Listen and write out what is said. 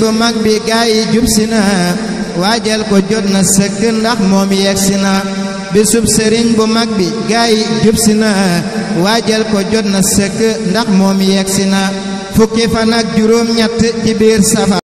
bu mag bi gaay yi jub si na waajal ko jot na sëkk ndax moom yegg si na bisub sëriñ bu mag bi gaay yi jub na waajal ko jot na sëkk ndax moom yegg si na fukki fan ak juróom ñett ci biir safar